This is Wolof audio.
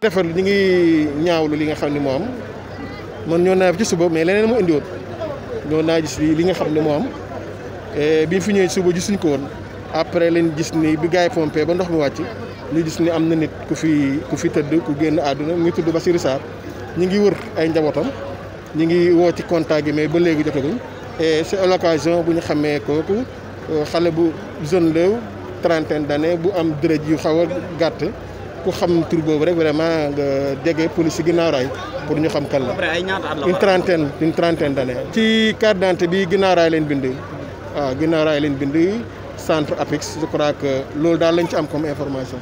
defal ñu ngi ñaawlu li nga xam ne moom am man ñoo naa bi ci suba mais leneen moo indiwoon ñoo naa gis li nga xam ne moo am eh, biñ fi ñëwee suba gisuñ ko woon après lañ gis ni bi gars yi pompé ba ndox mi wàcc ñu gis ni am na nit ku fi ku fi tëdd ku génn àdduna mu ngi ba Bassirou Sarr ñu ngi wër ay njabootam ñu ngi woo ci contact gi mais ba léegi jotaguñ et eh, c'est l'occasion bu ñu xamee kooku eh, xale bu jeune la trentaine d'années bu am dërëj yu xaw a gàtt. ku xam tur boobu rek vraiment nga déggee police ginnaaw raay pour ñu xam kan la une trentaine une trentaine d'années ci carte d'identité bi ginnaaw leen bind waaw ginnaaw leen bind centre APEX je crois que loolu daal lañ ci am comme information